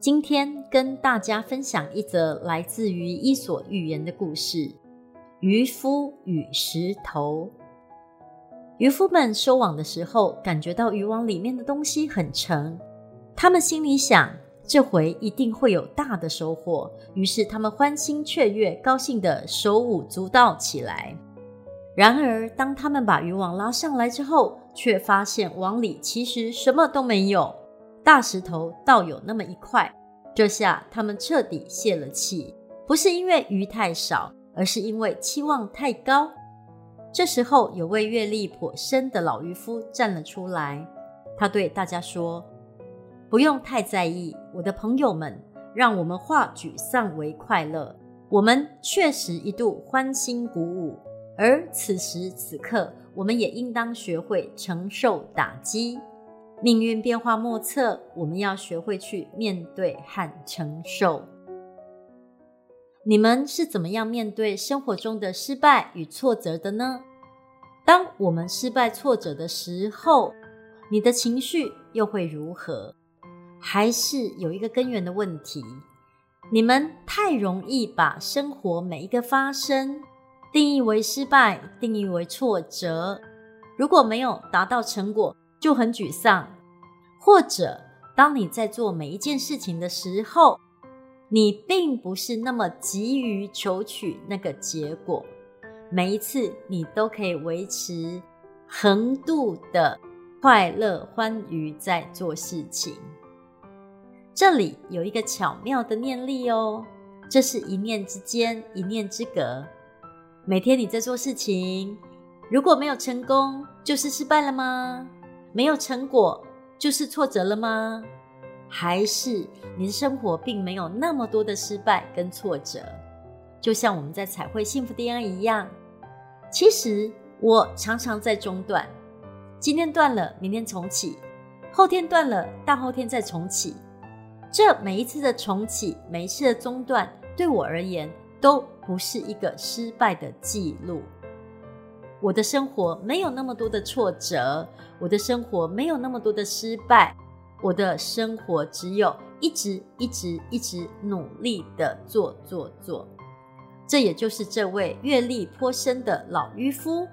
今天跟大家分享一則來自於《伊索寓言》的故事：漁夫與石頭。漁夫們收網的時候，感覺到漁網裡面的東西很沉，他們心裡想，這回一定會有大的收穫。於是他們歡欣雀躍，高興的手舞足蹈起來。然而，當他們把漁網拉上來之後，卻發現網裡其實什麼都沒有。大石頭倒有那麼一塊，這下他們徹底泄了氣。不是因為魚太少，而是因為期望太高。這時候，有位閱歷頗深的老漁夫站了出來，他對大家說：“不用太在意，我的朋友們，讓我們化沮喪為快樂。我們確實一度歡欣鼓舞，而此時此刻，我們也應當學會承受打擊。”命運變化莫測，我們要學會去面對和承受。你們是怎麼樣面對生活中的失敗與挫折的呢？當我們失敗挫折的時候，你的情緒又會如何？還是有一個根源的問題，你們太容易把生活每一個發生定義為失敗，定義為挫折。如果沒有達到成果。就很沮喪，或者當你在做每一件事情的時候，你並不是那麼急於求取那個結果。每一次你都可以維持橫度的快樂、歡愉在做事情。這裡有一個巧妙的念力哦，這是一念之間、一念之隔。每天你在做事情，如果沒有成功，就是失敗了嗎？沒有成果就是挫折了嗎？還是你的生活並沒有那麼多的失敗跟挫折？就像我們在彩繪幸福 DNA 一樣，其實我常常在中斷，今天斷了，明天重啟，後天斷了，大後天再重啟。這每一次的重啟，每一次的中斷，對我而言都不是一個失敗的記錄。我的生活沒有那麼多的挫折，我的生活沒有那麼多的失敗，我的生活只有一直一直一直努力的做做做。這也就是這位閱歷頗深的老漁夫，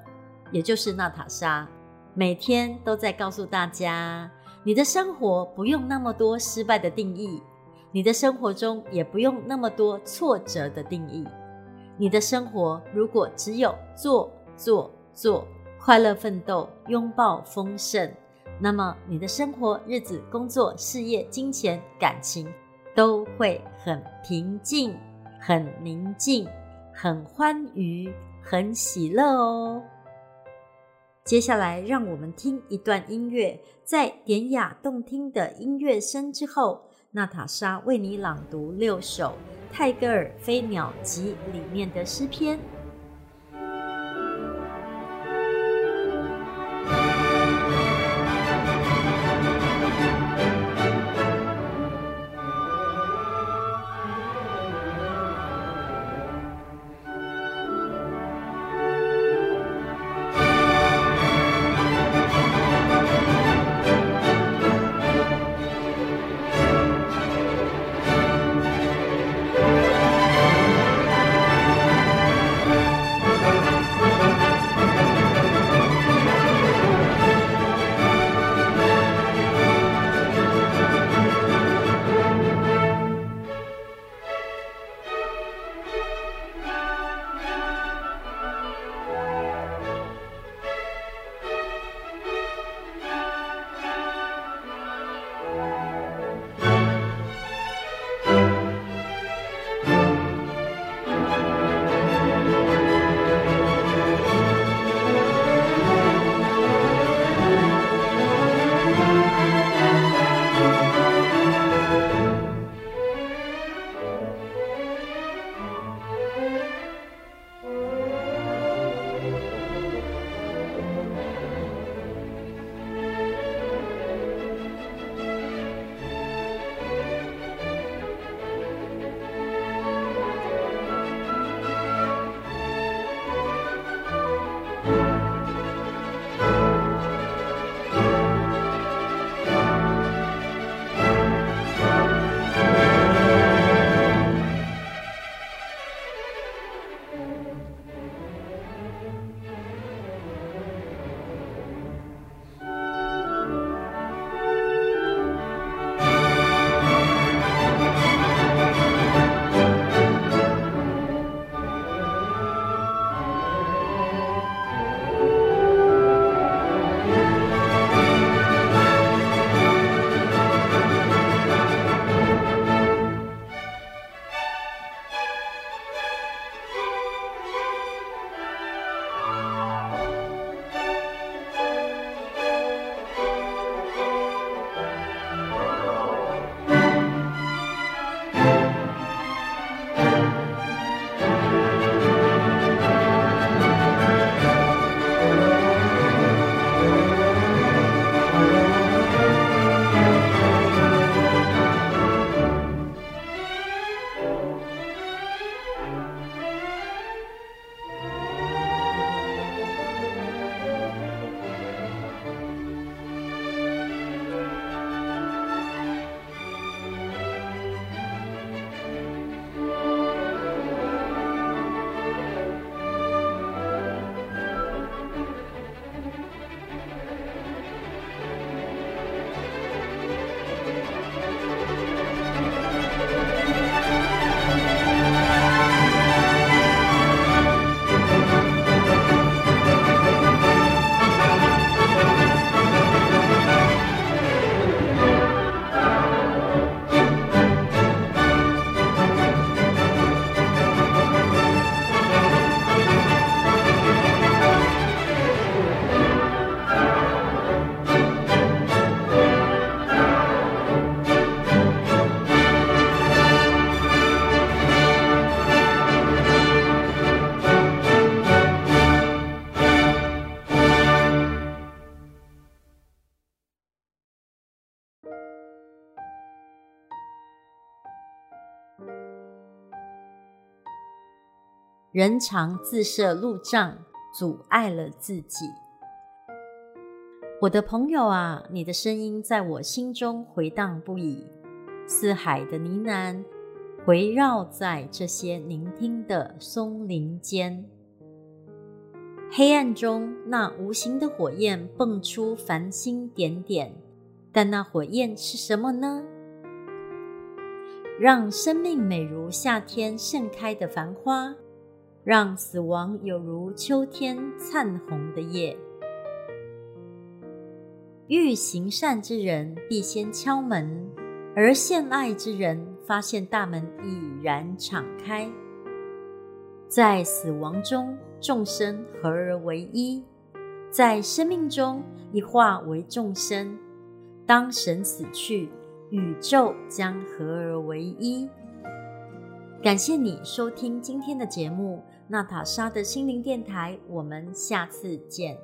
也就是娜塔莎，每天都在告訴大家：你的生活不用那麼多失敗的定義，你的生活中也不用那麼多挫折的定義。你的生活如果只有做做。做快樂奮鬥，擁抱豐盛，那麼你的生活、日子、工作、事業、金錢、感情都會很平靜、很寧靜、很歡愉、很喜樂哦。接下來，讓我們聽一段音樂，在典雅動聽的音樂聲之後，娜塔莎為你朗讀六首泰戈爾《飛鳥集》裡面的詩篇。人常自設路障，阻礙了自己。我的朋友啊，你的聲音在我心中回蕩不已，四海的呢喃，圍繞在這些聆聽的松林間。黑暗中，那無形的火焰迸出繁星點點，但那火焰是什麼呢？讓生命美如夏天盛開的繁花。讓死亡有如秋天燦紅的葉。欲行善之人必先敲門，而獻愛之人發現大門已然敞開。在死亡中，眾生合而為一；在生命中，一化為眾生。當神死去，宇宙將合而為一。感謝你收聽今天的節目。娜塔莎的心靈電台，我們下次見。